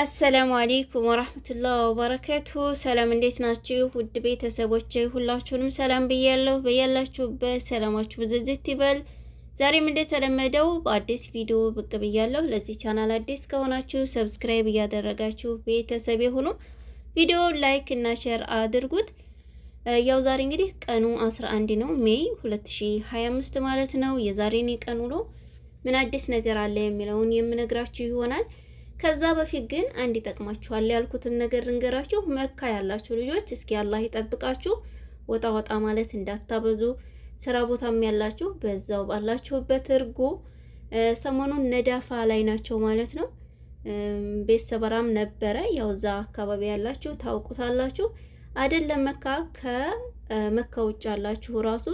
አሰላሙ አሌይኩም ወራህመቱላህ ወበረከቱ። ሰላም እንዴት ናችሁ ውድ ቤተሰቦች? ሁላችሁንም ሰላም ብያለሁ። በያላችሁበት ሰላማችሁ ብዝዝት ይበል። ዛሬም እንደተለመደው በአዲስ ቪዲዮ ብቅ ብያለሁ። ለዚህ ቻናል አዲስ ከሆናችሁ ሰብስክራይብ እያደረጋችሁ ቤተሰብ የሆኑ ቪዲዮ ላይክ እና ሼር አድርጉት። ያው ዛሬ እንግዲህ ቀኑ 11 ነው፣ ሜይ 2025 ማለት ነው። የዛሬን የቀን ውሎ ምን አዲስ ነገር አለ የሚለውን የምነግራችሁ ይሆናል። ከዛ በፊት ግን አንድ ይጠቅማችኋል ያልኩትን ነገር እንገራችሁ። መካ ያላችሁ ልጆች እስኪ አላህ ይጠብቃችሁ። ወጣ ወጣ ማለት እንዳታበዙ። ስራ ቦታም ያላችሁ በዛው ባላችሁበት እርጉ። ሰሞኑን ነዳፋ ላይ ናቸው ማለት ነው። ቤት ሰበራም ነበረ። ያው እዛ አካባቢ ያላችሁ ታውቁታላችሁ አይደለም። መካ ከመካ ውጭ ያላችሁ ራሱ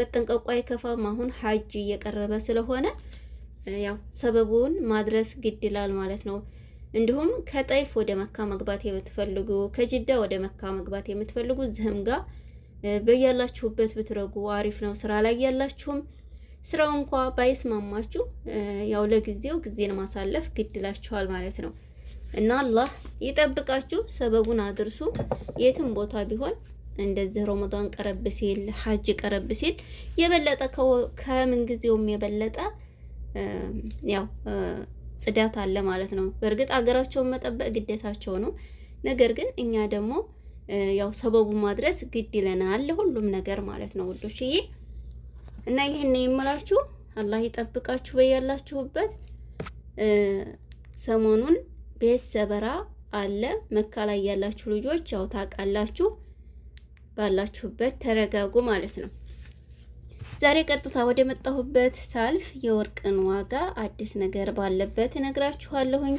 መጠንቀቋ አይከፋም። አሁን ሀጅ እየቀረበ ስለሆነ ያው ሰበቡን ማድረስ ግድ ይላል ማለት ነው። እንዲሁም ከጠይፍ ወደ መካ መግባት የምትፈልጉ ከጅዳ ወደ መካ መግባት የምትፈልጉ ዝህም ጋር በያላችሁበት ብትረጉ አሪፍ ነው። ስራ ላይ ያላችሁም ስራው እንኳ ባይስማማችሁ ያው ለጊዜው ጊዜን ማሳለፍ ግድላችኋል ማለት ነው እና አላህ ይጠብቃችሁ። ሰበቡን አድርሱ። የትም ቦታ ቢሆን እንደዚህ ረመዳን ቀረብ ሲል ሐጅ ቀረብ ሲል የበለጠ ከምን ጊዜውም የበለጠ ያው ጽዳት አለ ማለት ነው። በእርግጥ አገራቸውን መጠበቅ ግዴታቸው ነው። ነገር ግን እኛ ደግሞ ያው ሰበቡ ማድረስ ግድ ይለናል ለሁሉም ነገር ማለት ነው ውዶችዬ። እና ይህን የምላችሁ አላህ ይጠብቃችሁ በያላችሁበት። ሰሞኑን ቤት ሰበራ አለ መካ ላይ ያላችሁ ልጆች ያው ታውቃላችሁ። ባላችሁበት ተረጋጉ ማለት ነው። ዛሬ ቀጥታ ወደ መጣሁበት ሳልፍ የወርቅን ዋጋ አዲስ ነገር ባለበት እነግራችኋለሁኝ።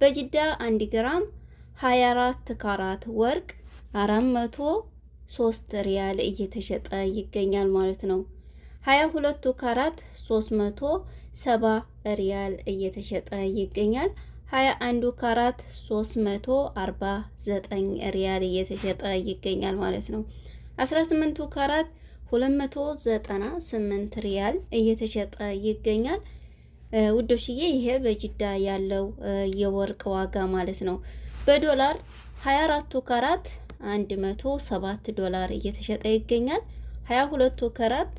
በጅዳ አንድ ግራም 24 ካራት ወርቅ 403 ሪያል እየተሸጠ ይገኛል ማለት ነው። 22 ካራት 370 ሪያል እየተሸጠ ይገኛል። 21 ካራት 349 ሪያል እየተሸጠ ይገኛል ማለት ነው። 18 ካራት 298 ሪያል እየተሸጠ ይገኛል። ውዶችዬ ይሄ በጅዳ ያለው የወርቅ ዋጋ ማለት ነው። በዶላር 24ቱ ካራት 107 ዶላር እየተሸጠ ይገኛል። 22ቱ ካራት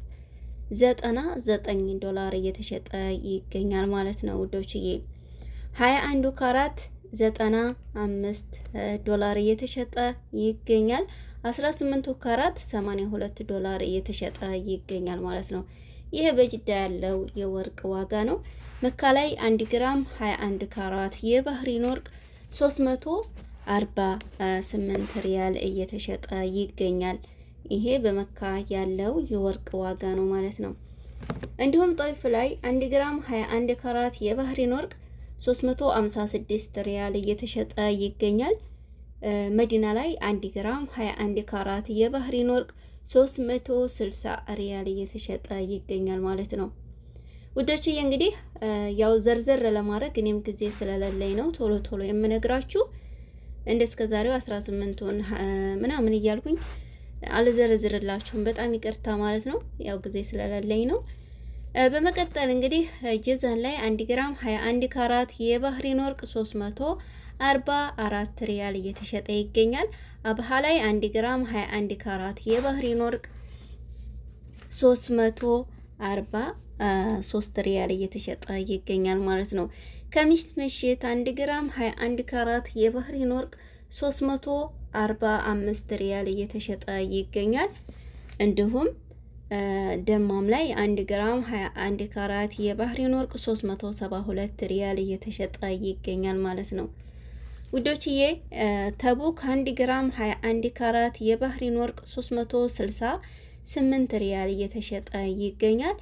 99 ዶላር እየተሸጠ ይገኛል ማለት ነው ውዶችዬ 21 ካራት ዘጠና አምስት ዶላር እየተሸጠ ይገኛል አስራ ስምንቱ ካራት ሁለት ዶላር እየተሸጠ ይገኛል ማለት ነው። ይህ በጅዳ ያለው የወርቅ ዋጋ ነው። መካ ላይ 1 ግራም 21 ካራት የባህሪን ወርቅ 348 ሪያል እየተሸጠ ይገኛል። ይሄ በመካ ያለው የወርቅ ዋጋ ነው ማለት ነው። እንዲሁም ጦይፍ ላይ አንድ ግራም 21 ካራት የባህሪን ወርቅ 356 ሪያል እየተሸጠ ይገኛል። መዲና ላይ 1 ግራም 21 ካራት የባህሪን ወርቅ 360 ሪያል እየተሸጠ ይገኛል ማለት ነው። ውዶችዬ እንግዲህ ያው ዘርዘር ለማድረግ እኔም ጊዜ ስለሌለኝ ነው ቶሎ ቶሎ የምነግራችሁ። እንደ እስከ ዛሬው 18ቱን ምናምን እያልኩኝ አልዘረዝርላችሁም በጣም ይቅርታ ማለት ነው። ያው ጊዜ ስለሌለኝ ነው። በመቀጠል እንግዲህ ጅዘን ላይ 1 ግራም 21 ካራት የባህሪን ወርቅ 344 ሪያል እየተሸጠ ይገኛል። አብሃ ላይ 1 ግራም 21 ካራት የባህሪን ወርቅ 343 ሪያል እየተሸጠ ይገኛል ማለት ነው። ከሚስት ምሽት 1 ግራም 21 ካራት የባህሪን ወርቅ 345 ሪያል እየተሸጠ ይገኛል እንዲሁም ደማም ላይ 1 ግራም 21 ካራት የባህሪን ወርቅ 372 ሪያል እየተሸጠ ይገኛል ማለት ነው። ውዶችዬ ተቡክ 1 ግራም 21 ካራት የባህሪን ወርቅ 368 ሪያል እየተሸጠ ይገኛል።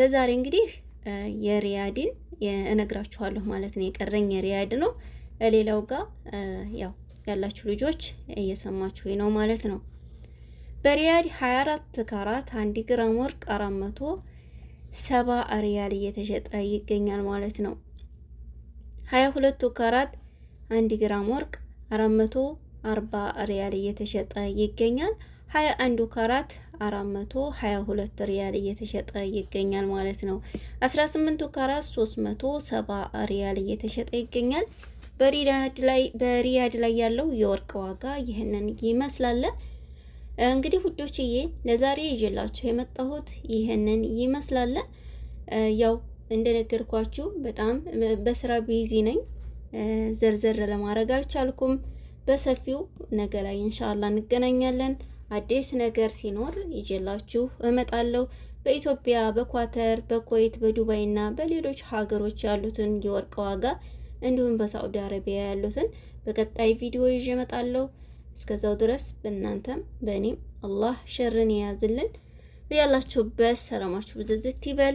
ለዛሬ እንግዲህ የሪያድን እነግራችኋለሁ ማለት ነው። የቀረኝ የሪያድ ነው። ሌላው ጋር ያው ያላችሁ ልጆች እየሰማችሁ ነው ማለት ነው። በሪያድ 24 ካራት 1 ግራም ወርቅ 470 ሪያል እየተሸጠ ይገኛል ማለት ነው። 22 ካራት 1 ግራም ወርቅ 440 ሪያል እየተሸጠ ይገኛል። 21 ካራት 422 ሪያል እየተሸጠ ይገኛል ማለት ነው። 18 ካራት 370 ሪያል እየተሸጠ ይገኛል። በሪያድ ላይ በሪያድ ላይ ያለው የወርቅ ዋጋ ይህንን ይመስላል። እንግዲህ ውዶችዬ ለዛሬ ይዤላችሁ የመጣሁት ይህንን ይመስላል። ያው እንደነገርኳችሁ በጣም በስራ ቢዚ ነኝ፣ ዘርዘር ለማድረግ አልቻልኩም። በሰፊው ነገ ላይ እንሻላ እንገናኛለን። አዲስ ነገር ሲኖር ይዤላችሁ እመጣለሁ። በኢትዮጵያ፣ በኳተር፣ በኩዌት፣ በዱባይ እና በሌሎች ሀገሮች ያሉትን የወርቅ ዋጋ እንዲሁም በሳዑዲ አረቢያ ያሉትን በቀጣይ ቪዲዮ ይዤ እመጣለሁ። እስከዛው ድረስ በእናንተም በእኔም አላህ ሸርን የያዝልን። በያላችሁበት ሰላማችሁ ብዝዝት ይበል።